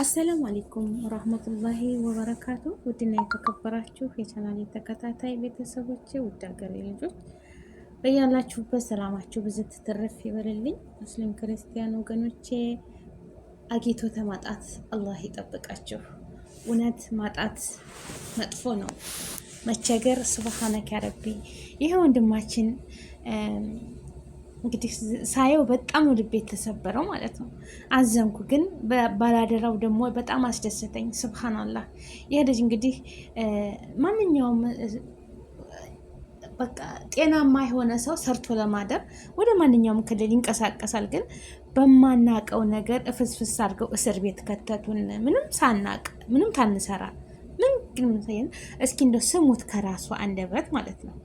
አሰላሙ አሌይኩም ወራህመቱላሂ ወበረካቱ። ውድና የተከበራችሁ የቻናሌ ተከታታይ ቤተሰቦች፣ ውድ ሀገሬ ልጆች በያላችሁበት ሰላማችሁ ብዙ ትትረፍ ይበልልኝ። ሙስሊም ክርስቲያን ወገኖቼ አጌቶ ተማጣት አላህ ይጠብቃችሁ። እውነት ማጣት መጥፎ ነው፣ መቸገር ሱብሃነከ ያረቢ። ይህ ወንድማችን እንግዲህ ሳየው በጣም ወደ ቤት ተሰበረው ማለት ነው። አዘንኩ፣ ግን ባላደራው ደግሞ በጣም አስደሰተኝ። ስብሃናላህ ይህ ልጅ እንግዲህ ማንኛውም በቃ ጤናማ የሆነ ሰው ሰርቶ ለማደር ወደ ማንኛውም ክልል ይንቀሳቀሳል። ግን በማናቀው ነገር እፍስፍስ አድርገው እስር ቤት ከተቱን። ምንም ሳናቅ ምንም ታንሰራ ምን ግን እስኪ እንደ ስሙት ከራሱ አንደበት ማለት ነው።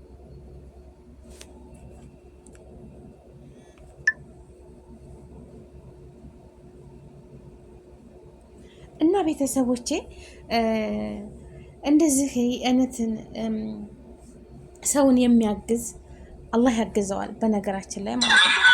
እና ቤተሰቦቼ እንደዚህ አይነትን ሰውን የሚያግዝ አላህ ያግዘዋል፣ በነገራችን ላይ ማለት ነው።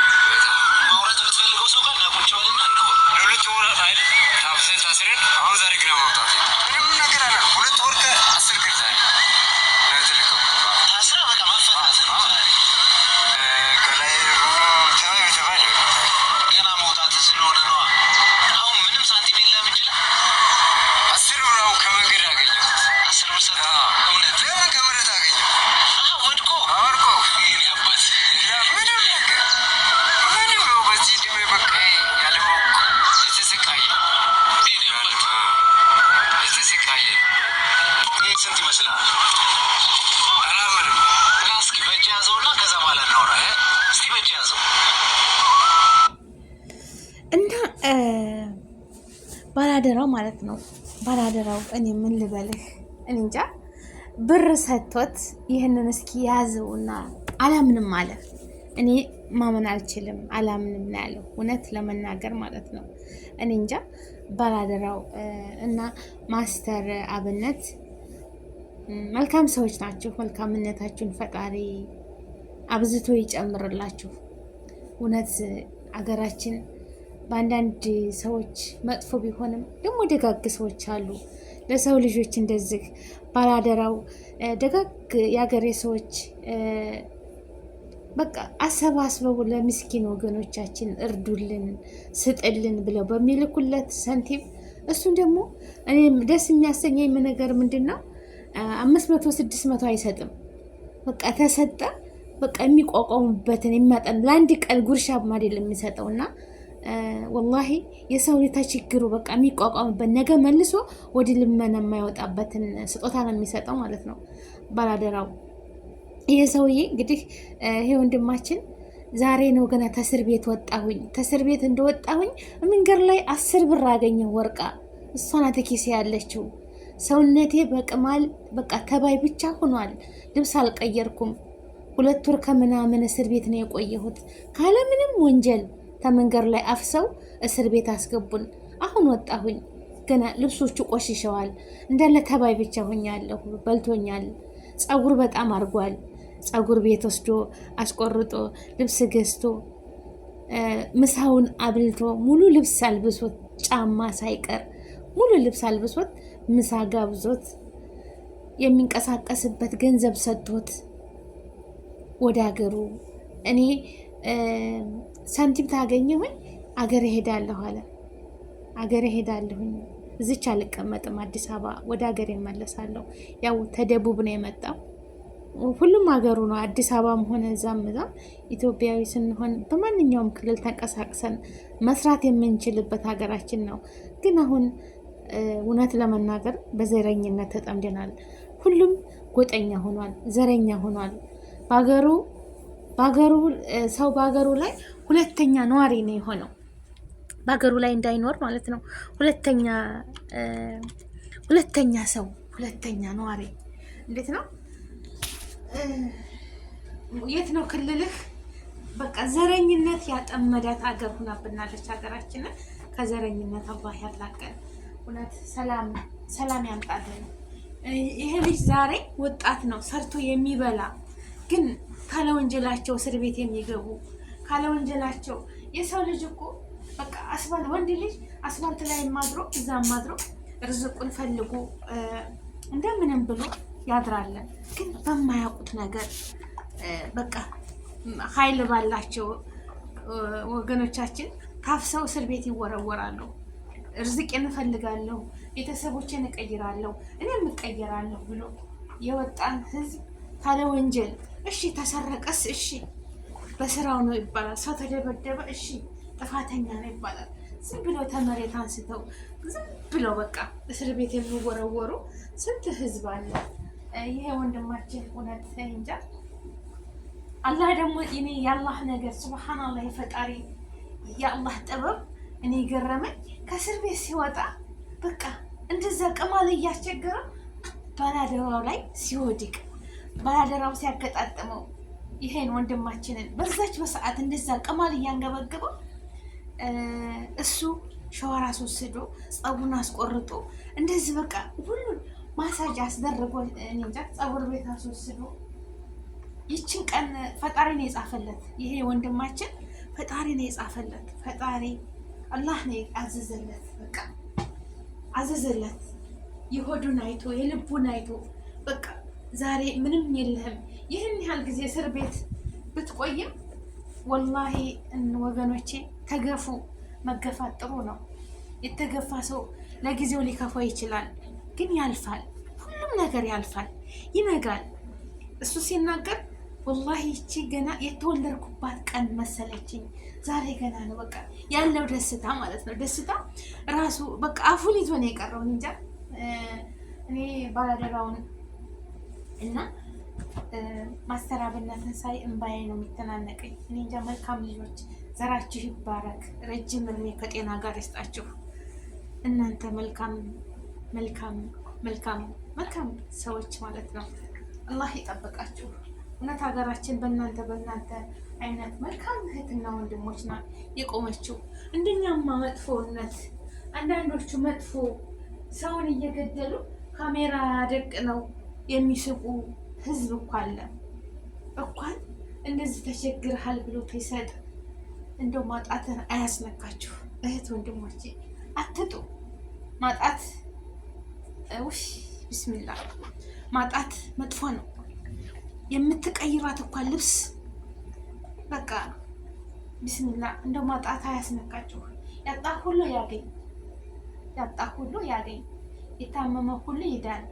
ባላደራው ማለት ነው። ባላደራው እኔ ምን ልበልህ እንጃ። ብር ሰጥቶት ይህንን እስኪ ያዘውና አላምንም አለ። እኔ ማመን አልችልም፣ አላምንም ነው ያለው። እውነት ለመናገር ማለት ነው እኔ እንጃ። ባላደራው እና ማስተር አብነት መልካም ሰዎች ናቸው። መልካምነታችሁን ፈጣሪ አብዝቶ ይጨምርላችሁ። እውነት አገራችን በአንዳንድ ሰዎች መጥፎ ቢሆንም ደግሞ ደጋግ ሰዎች አሉ። ለሰው ልጆች እንደዚህ ባላደራው ደጋግ የሀገሬ ሰዎች በቃ አሰባስበው ለምስኪን ወገኖቻችን እርዱልን፣ ስጥልን ብለው በሚልኩለት ሰንቲም እሱን ደግሞ እኔም ደስ የሚያሰኘኝ ነገር ምንድን ነው አምስት መቶ ስድስት መቶ አይሰጥም። በቃ ተሰጠ በቃ የሚቋቋሙበትን የሚያጠን ለአንድ ቀን ጉርሻም አይደለም የሚሰጠውና ወላሂ የሰው ሁኔታ ችግሩ በቃ የሚቋቋምበት ነገ መልሶ ወደ ልመና የማይወጣበትን ስጦታ ነው የሚሰጠው ማለት ነው ባላደራው። ይህ ሰውዬ እንግዲህ ይሄ ወንድማችን ዛሬ ነው ገና ተስር ቤት ወጣሁኝ፣ ተስር ቤት እንደወጣሁኝ መንገድ ላይ አስር ብር አገኘሁ ወርቃ፣ እሷ ናት ኪሴ ያለችው። ሰውነቴ በቅማል በቃ ተባይ ብቻ ሆኗል። ልብስ አልቀየርኩም። ሁለት ወር ከምናምን እስር ቤት ነው የቆየሁት ካለምንም ወንጀል ከመንገድ ላይ አፍሰው እስር ቤት አስገቡን። አሁን ወጣሁኝ፣ ገና ልብሶቹ ቆሽሸዋል። እንዳለ ተባይ ብቻ ሆኛለሁ። በልቶኛል። ፀጉር በጣም አድርጓል። ፀጉር ቤት ወስዶ አስቆርጦ ልብስ ገዝቶ ምሳውን አብልቶ ሙሉ ልብስ አልብሶት ጫማ ሳይቀር ሙሉ ልብስ አልብሶት ምሳ ጋብዞት የሚንቀሳቀስበት ገንዘብ ሰጥቶት ወደ ሀገሩ እኔ ሳንቲም ታገኘሁኝ አገር እሄዳለሁ አለ። አገር እሄዳለሁኝ እዚች አልቀመጥም፣ አዲስ አበባ ወደ ሀገር ይመለሳለሁ። ያው ተደቡብ ነው የመጣው ሁሉም ሀገሩ ነው። አዲስ አበባም ሆነ እዛም እዛም ኢትዮጵያዊ ስንሆን በማንኛውም ክልል ተንቀሳቅሰን መስራት የምንችልበት ሀገራችን ነው። ግን አሁን እውነት ለመናገር በዘረኝነት ተጠምደናል። ሁሉም ጎጠኛ ሆኗል፣ ዘረኛ ሆኗል። በሀገሩ ሰው በሀገሩ ላይ ሁለተኛ ነዋሪ ነው የሆነው። በሀገሩ ላይ እንዳይኖር ማለት ነው። ሁለተኛ ሁለተኛ ሰው ሁለተኛ ነዋሪ እንዴት ነው? የት ነው ክልልህ? በቃ ዘረኝነት ያጠመዳት አገር ሁናብናለች ሀገራችንን። ከዘረኝነት አላህ ያላቀን። እውነት ሰላም ያምጣልን። ይሄ ልጅ ዛሬ ወጣት ነው ሰርቶ የሚበላ ግን ካለ ወንጀላቸው እስር ቤት የሚገቡ ካለወንጀላቸው የሰው ልጅ እኮ በቃ አስፋልት ወንድ ልጅ አስፋልት ላይ ማድሮ እዛም ማድሮ ርዝቁን ፈልጎ እንደምንም ብሎ ያድራለን። ግን በማያውቁት ነገር በቃ ኃይል ባላቸው ወገኖቻችን ታፍሰው እስር ቤት ይወረወራሉ። እርዝቅ እንፈልጋለሁ ቤተሰቦችን እቀይራለሁ፣ እኔም እቀይራለሁ ብሎ የወጣን ህዝብ ካለ ወንጀል እሺ፣ ተሰረቀስ እሺ፣ በስራው ነው ይባላል። ሰው ተደበደበ እሺ፣ ጥፋተኛ ነው ይባላል። ዝም ብለው ተመሬት አንስተው ዝም ብለው በቃ እስር ቤት የሚወረወሩ ስንት ህዝብ አለ። ይሄ ወንድማችን እውነት እንጃ። አላህ ደግሞ እኔ የአላህ ነገር ሱብሃናላህ፣ የፈጣሪ የአላህ ጥበብ እኔ ገረመኝ። ከእስር ቤት ሲወጣ በቃ እንደዛ ቅማል እያስቸገረ በናደባው ላይ ሲወድቅ ባላደራው ሲያገጣጥመው ይሄን ወንድማችንን በዛች በሰዓት እንደዛ ቅማል እያንገበገበው እሱ ሸዋር አስወስዶ ፀጉን አስቆርጦ እንደዚህ በቃ ሁሉን ማሳጅ አስደርጎ እንጃ ፀጉር ቤት አስወስዶ ይችን ቀን ፈጣሪ ነው የጻፈለት። ይሄ ወንድማችን ፈጣሪ ነው የጻፈለት። ፈጣሪ አላህ ነው አዘዘለት። በቃ አዘዘለት። የሆዱን አይቶ የልቡን አይቶ በቃ ዛሬ ምንም የለህም። ይህን ያህል ጊዜ እስር ቤት ብትቆይም ወላሂ ወገኖቼ ተገፉ። መገፋት ጥሩ ነው። የተገፋ ሰው ለጊዜው ሊከፋ ይችላል፣ ግን ያልፋል። ሁሉም ነገር ያልፋል፣ ይነጋል። እሱ ሲናገር ወላሂ ይቺ ገና የተወለድኩባት ቀን መሰለችኝ። ዛሬ ገና ነው። በቃ ያለው ደስታ ማለት ነው። ደስታ ራሱ በቃ አፉን ይዞ ነው የቀረውን። እንጃ እኔ ባላደራውን እና ማስተራብነትን ሳይ እምባዬ ነው የሚተናነቀኝ። እኔ እንጃ። መልካም ልጆች ዘራችሁ ይባረክ፣ ረጅም እድሜ ከጤና ጋር ይስጣችሁ። እናንተ መልካም መልካም መልካም መልካም ሰዎች ማለት ነው። አላህ ይጠብቃችሁ። እውነት ሀገራችን በእናንተ በእናንተ አይነት መልካም እህትና ወንድሞች ናት የቆመችው። እንደኛማ መጥፎነት አንዳንዶቹ መጥፎ ሰውን እየገደሉ ካሜራ ደቅ ነው የሚስቁ ህዝብ እኮ አለ። እንኳን እንደዚህ ተቸግረሃል ብሎ ተይሰጥ እንደው ማጣትን አያስነካችሁ እህት ወንድሞች አትጡ ማጣት ውሽ ብስሚላ ማጣት መጥፎ ነው። የምትቀይሯት እኳ ልብስ በቃ ብስሚላ እንደው ማጣት አያስነካችሁ። ያጣ ሁሉ ያገኝ፣ ያጣ ሁሉ ያገኝ፣ የታመመ ሁሉ ይዳል።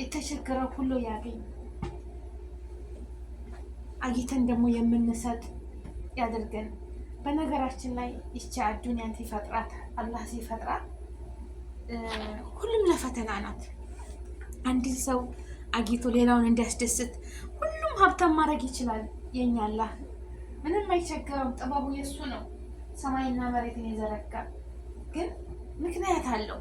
የተቸገረ ሁሉ ያገኝ። አግኝተን ደግሞ የምንሰጥ ያደርገን በነገራችን ላይ ይቻ አዱንያን ሲፈጥራት አላህ ሲፈጥራት ሁሉም ለፈተና ናት። አንድን ሰው አግኝቶ ሌላውን እንዲያስደስት ሁሉም ሀብታም ማድረግ ይችላል። የኛ አላህ ምንም አይቸገረውም። ጥበቡ የእሱ ነው። ሰማይና መሬትን የዘረጋ ግን ምክንያት አለው።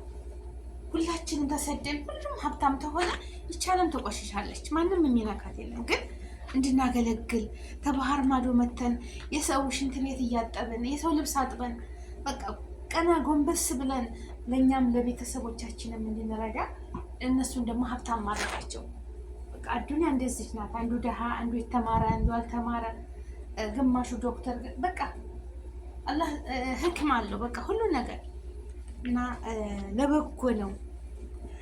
ሁላችንም ተሰደን ሁሉም ሀብታም ተሆነ ይቻለም ትቆሽሻለች። ማንም የሚነካት የለም። ግን እንድናገለግል ከባህር ማዶ መተን የሰው ሽንት ቤት እያጠብን የሰው ልብስ አጥበን በቃ ቀና ጎንበስ ብለን ለእኛም ለቤተሰቦቻችንም እንድንረዳ እነሱን ደግሞ ሀብታም ማድረጋቸው በቃ አዱኒያ እንደዚች ናት። አንዱ ደሃ፣ አንዱ የተማረ፣ አንዱ አልተማረ፣ ግማሹ ዶክተር በቃ አላህ ህክም አለው በቃ ሁሉ ነገር እና ለበጎ ነው።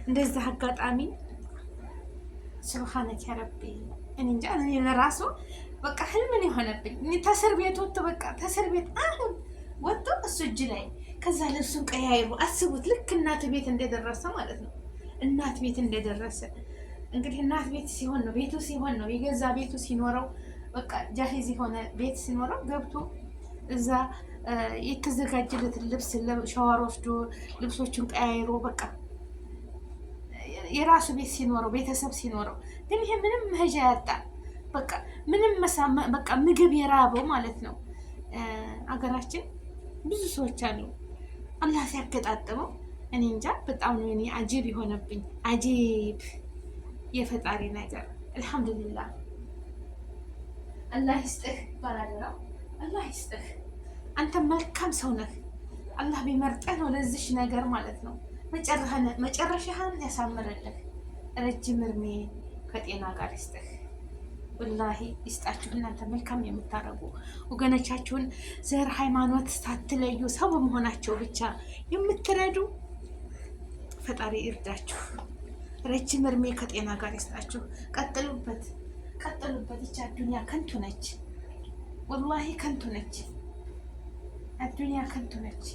እንደዛ አጋጣሚ ስብሓነት ያረቢ እኔ እንጃ ለራሱ በቃ ህልምን የሆነብኝ ተስር ቤት ወጥቶ በቃ ተስር ቤት አሁን ወጥቶ እሱ እጅ ላይ ከዛ ልብሱን ቀያይሩ አስቡት። ልክ እናት ቤት እንደደረሰ ማለት ነው። እናት ቤት እንደደረሰ እንግዲህ እናት ቤት ሲሆን ነው ቤቱ ሲሆን ነው የገዛ ቤቱ ሲኖረው በቃ ጃሂዝ የሆነ ቤት ሲኖረው ገብቶ እዛ የተዘጋጀለትን ልብስ ሸዋር ወስዶ ልብሶችን ቀያይሮ በቃ የራሱ ቤት ሲኖረው ቤተሰብ ሲኖረው፣ ግን ይሄ ምንም መሄጃ ያጣ በቃ ምንም በቃ ምግብ የራበው ማለት ነው። አገራችን ብዙ ሰዎች አሉ። አላህ ሲያገጣጥመው እኔ እንጃ በጣም ነው እኔ አጂብ የሆነብኝ አጂብ የፈጣሪ ነገር። አልሐምዱሊላህ አላህ ይስጥህ ባላደራ አላህ ይስጥህ አንተ መልካም ሰው ነህ። አላህ ቢመርጠህ ነው ነገር ማለት ነው። መጨረሻህን ያሳምርልህ፣ ረጅም እርሜ ከጤና ጋር ይስጥህ። ወላሂ ይስጣችሁ። እናንተ መልካም የምታደርጉ ወገኖቻችሁን ዘር፣ ሃይማኖት ሳትለዩ ሰው በመሆናቸው ብቻ የምትረዱ ፈጣሪ ይርዳችሁ። ረጅም እርሜ ከጤና ጋር ይስጣችሁ። ቀጥሉበት፣ ቀጥሉበት። ይቻ ዱኒያ ከንቱ ነች፣ ወላሂ ከንቱ ነች። አዱኒያ ከንቱ ነች።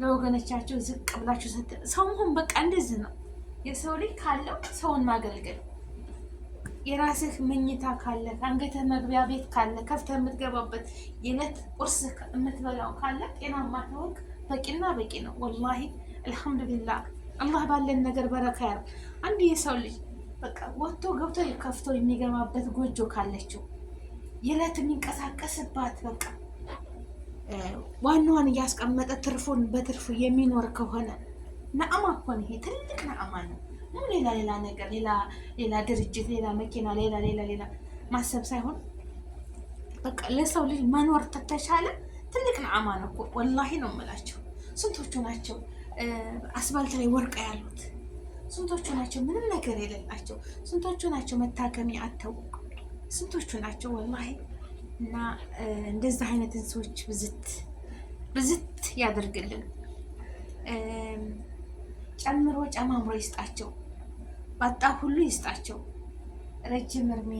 ለወገኖቻቸው ዝቅ ብላችሁ ሰው መሆን በቃ እንደዚህ ነው። የሰው ልጅ ካለው ሰውን ማገልገል የራስህ መኝታ ካለ አንገተ መግቢያ ቤት ካለ ከፍተ የምትገባበት የዕለት ቁርስ የምትበላው ካለ ጤናማ ተወቅ በቂና በቂ ነው። ወላሂ አልሐምዱሊላህ አላህ ባለን ነገር በረካ ያር አንድ የሰው ልጅ በቃ ወጥቶ ገብቶ ከፍቶ የሚገባበት ጎጆ ካለችው የዕለት የሚንቀሳቀስባት በቃ ዋናዋን እያስቀመጠ ትርፉን በትርፉ የሚኖር ከሆነ ነአማ እኮ ነው። ይሄ ትልቅ ነአማ ነው። ሌላ ሌላ ነገር፣ ሌላ ሌላ ድርጅት፣ ሌላ መኪና፣ ሌላ ሌላ ሌላ ማሰብ ሳይሆን በቃ ለሰው ልጅ መኖር ተተቻለ ትልቅ ነአማ ነው ወላሂ ነው የምላቸው። ስንቶቹ ናቸው አስፋልት ላይ ወርቀ ያሉት? ስንቶቹ ናቸው ምንም ነገር የሌላቸው? ስንቶቹ ናቸው መታከሚያ አተው? ስንቶቹ ናቸው ወላሂ እና እንደዚህ አይነትን ሰዎች ብዝት ብዝት ያደርግልን፣ ጨምሮ ጨማምሮ ይስጣቸው፣ ባጣ ሁሉ ይስጣቸው፣ ረጅም እርሜ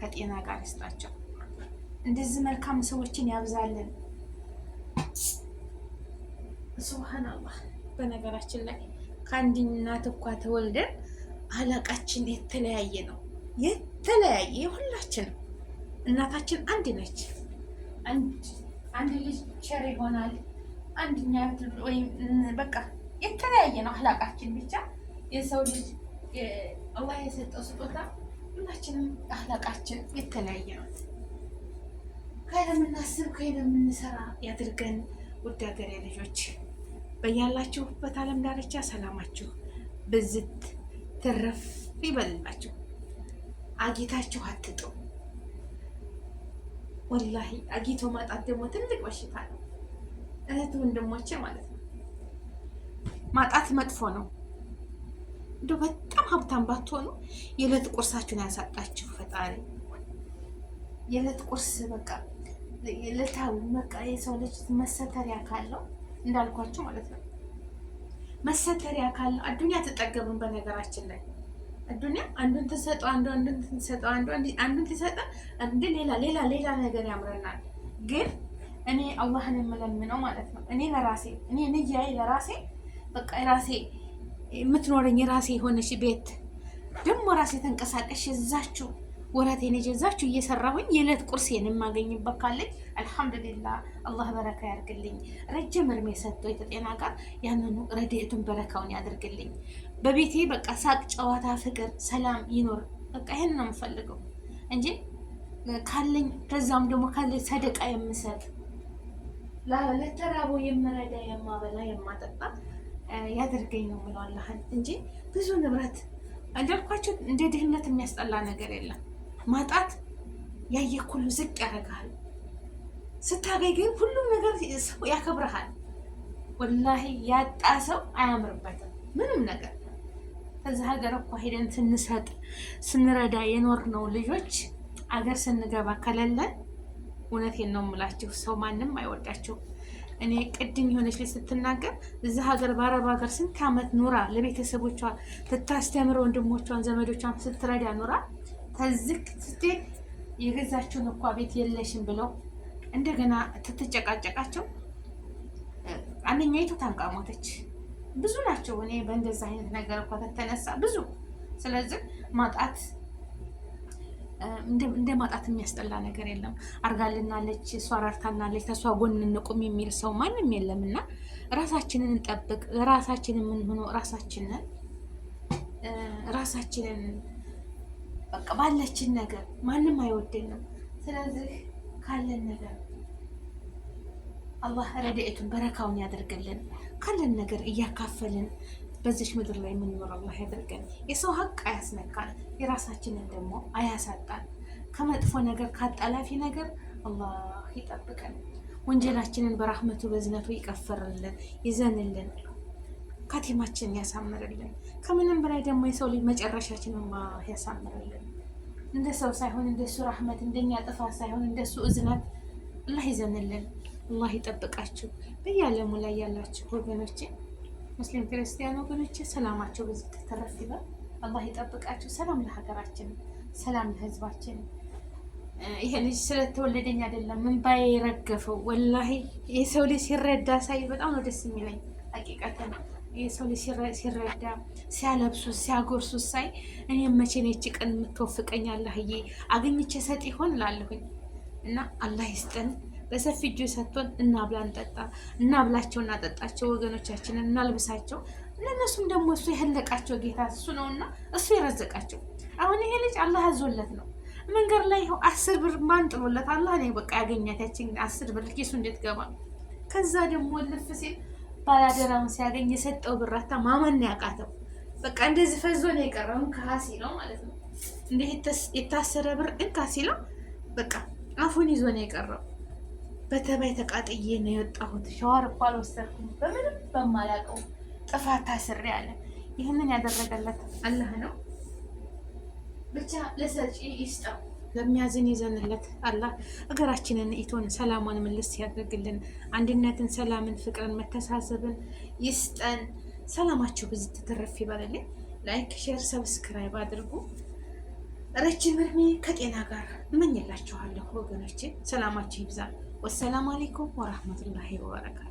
ከጤና ጋር ይስጣቸው። እንደዚህ መልካም ሰዎችን ያብዛልን። ሱብሃናላህ። በነገራችን ላይ ከአንድ እናት እኳ ተወልደን አላቃችን የተለያየ ነው፣ የተለያየ ሁላችንም እናታችን አንድ ነች። አንድ ልጅ ቸር ይሆናል። አንድኛ ወይም በቃ የተለያየ ነው አህላቃችን። ብቻ የሰው ልጅ አላህ የሰጠው ስጦታ ሁላችንም አህላቃችን የተለያየ ነው። ከለምናስብ ከለምንሰራ ያድርገን። ውድ ሀገሬ ልጆች በያላችሁበት ዓለም ዳርቻ ሰላማችሁ ብዝት ትረፍ ይበልላችሁ። አጌታችሁ አትጡ። ወላሂ አግኝቶ ማጣት ደግሞ ትልቅ በሽታ ነው። እህት ወንድሞቼ ማለት ነው። ማጣት መጥፎ ነው። እንደ በጣም ሀብታም ባትሆኑ የዕለት ቁርሳችሁን ያሳጣችሁ ፈጣሪ። የዕለት ቁርስ በቃ ዕለታዊ በቃ የሰው ልጅ መሰተሪያ ካለው እንዳልኳችሁ ማለት ነው መሰተሪያ ካለው አዱኛ ትጠገብን በነገራችን ላይ አዱኒያ አንዱን ትሰጠው አንዱ አንዱን ትሰጠው አንዱ አንዱን ትሰጠ እንደ ሌላ ሌላ ሌላ ነገር ያምረናል። ግን እኔ አላህን የምለምነው ማለት ነው እኔ ለራሴ እኔ ንያዬ ለራሴ በቃ ራሴ የምትኖረኝ የራሴ የሆነች ቤት ደግሞ ራሴ ተንቀሳቀሽ የዛችው ወረቴን የጀዛችሁ እየሰራሁኝ የዕለት ቁርሴን የማገኝበት ካለኝ አልሐምዱሊላህ አላህ በረካ ያርግልኝ። ረጅም እርሜ ሰጥቶ የተጤና ጋር ያንኑ ረድኤቱን በረካውን ያደርግልኝ። በቤቴ በቃ ሳቅ፣ ጨዋታ፣ ፍቅር፣ ሰላም ይኖር። በቃ ይህን ነው የምፈልገው እንጂ ካለኝ ከዛም ደግሞ ካለኝ ሰደቃ የምሰጥ ለተራቦ የምረዳ የማበላ የማጠጣ ያደርገኝ ነው ብለው አላህን እንጂ ብዙ ንብረት እንዳልኳቸው እንደ ድህነት የሚያስጠላ ነገር የለም። ማጣት ያየህ ሁሉ ዝቅ ያደርግሃል። ስታገኝ ግን ሁሉም ነገር ሰው ያከብረሃል። ወላሂ ያጣ ሰው አያምርበትም ምንም ነገር። ከዚ ሀገር እኮ ሄደን ስንሰጥ ስንረዳ የኖርነው ልጆች አገር ስንገባ ከሌለን እውነቴን ነው የምላችሁ፣ ሰው ማንም አይወዳችሁም። እኔ ቅድም የሆነች ልጅ ስትናገር እዚህ ሀገር በአረብ ሀገር ስንት ዓመት ኑራ ለቤተሰቦቿ ስታስተምር ወንድሞቿን ዘመዶቿን ስትረዳ ኑራ ተዝክ ስትል የገዛችውን እኳ ቤት የለሽም ብለው እንደገና ትጨቃጨቃቸው። አንደኛይቱ ታንቃ ሞተች። ብዙ ናቸው። እኔ በእንደዛ አይነት ነገር እኳ ተተነሳ ብዙ። ስለዚህ ማጣት እንደ ማጣት የሚያስጠላ ነገር የለም። አርጋልናለች፣ እሷ ራርታናለች፣ ተሷ ጎን እንቁም የሚል ሰው ማንም የለም። እና ራሳችንን እንጠብቅ። ራሳችንን የምንሆነው ራሳችንን ራሳችንን በቃ ባለችን ነገር ማንም አይወደንም። ስለዚህ ካለን ነገር አላህ ረድኤቱን በረካውን ያደርግልን። ካለን ነገር እያካፈልን በዚች ምድር ላይ የምንኖር አላህ ያደርገን። የሰው ሀቅ አያስነካን፣ የራሳችንን ደግሞ አያሳጣን። ከመጥፎ ነገር ካጣላፊ ነገር አላህ ይጠብቀን። ወንጀላችንን በራህመቱ በዝነቱ ይቀፈርልን ይዘንልን። ካቲማችን ያሳምርልን። ከምንም በላይ ደግሞ የሰው ልጅ መጨረሻችንማ ያሳምርልን። እንደ ሰው ሳይሆን እንደሱ ራህመት፣ እንደኛ ጥፋት ሳይሆን እንደሱ እዝነት አላህ ይዘንልን። አላህ ይጠብቃችሁ። በየዓለሙ ላይ ያላችሁ ወገኖቼ፣ ሙስሊም ክርስቲያን ወገኖቼ ሰላማቸው ብዙ ተተረፍ ይበል። አላህ ይጠብቃችሁ። ሰላም ለሀገራችን፣ ሰላም ለህዝባችን። ይሄ ልጅ ስለተወለደኝ አይደለም እምባዬ የረገፈው ወላሂ፣ የሰው ልጅ ሲረዳ ሳይ በጣም ነው ደስ የሚለኝ ነው። የሰው ልጅ ሲረዳ ሲያለብሱ ሲያጎርሱ ሳይ እኔም መቼ ነው ይህች ቀን የምትወፍቀኝ አላህዬ አግኝቼ ሰጥ ይሆን እላለሁኝ። እና አላህ ይስጠን በሰፊ እጁ ሰጥቶን እናብላ እንጠጣ፣ እናብላቸው፣ እናጠጣቸው ወገኖቻችንን፣ እናልብሳቸው። ለእነሱም ደግሞ እሱ የህለቃቸው ጌታ እሱ ነው እና እሱ የረዘቃቸው። አሁን ይሄ ልጅ አላህ አዞለት ነው መንገድ ላይ ይኸው አስር ብር ማን ጥሎለት አላህ ነው በቃ ያገኛታችን አስር ብር ኪሱ እንዴት ገባ ከዛ ደግሞ ልፍ ሲል ባላደራውን ሲያገኝ የሰጠው ብራታ ማመን ያቃተው በቃ እንደዚህ ፈዞ ነው የቀረው። ከሀሲ ነው ማለት ነው። እንደ የታሰረ ብር እንካ ሲለው በቃ አፉን ይዞ ነው የቀረው። በተባይ ተቃጥዬ ነው የወጣሁት። ሸዋር እኮ አልወሰድኩም በምንም በማላውቀው ጥፋት ታስሬ አለ። ይህንን ያደረገለት አላህ ነው። ብቻ ለሰጪ ይስጠው። ለሚያዝን ይዘንለት አላህ ሀገራችንን ኢቶን ሰላሟን ምልስ ያደርግልን። አንድነትን፣ ሰላምን፣ ፍቅርን፣ መተሳሰብን ይስጠን። ሰላማችሁ ብዙ ትትርፍ ይበልልኝ። ላይክ፣ ሼር፣ ሰብስክራይብ አድርጉ። ረጅም እድሜ ከጤና ጋር እመኝላችኋለሁ ወገኖቼ። ሰላማችሁ ይብዛል። ወሰላም አሌይኩም ወራህመቱላሂ ወበረካቱ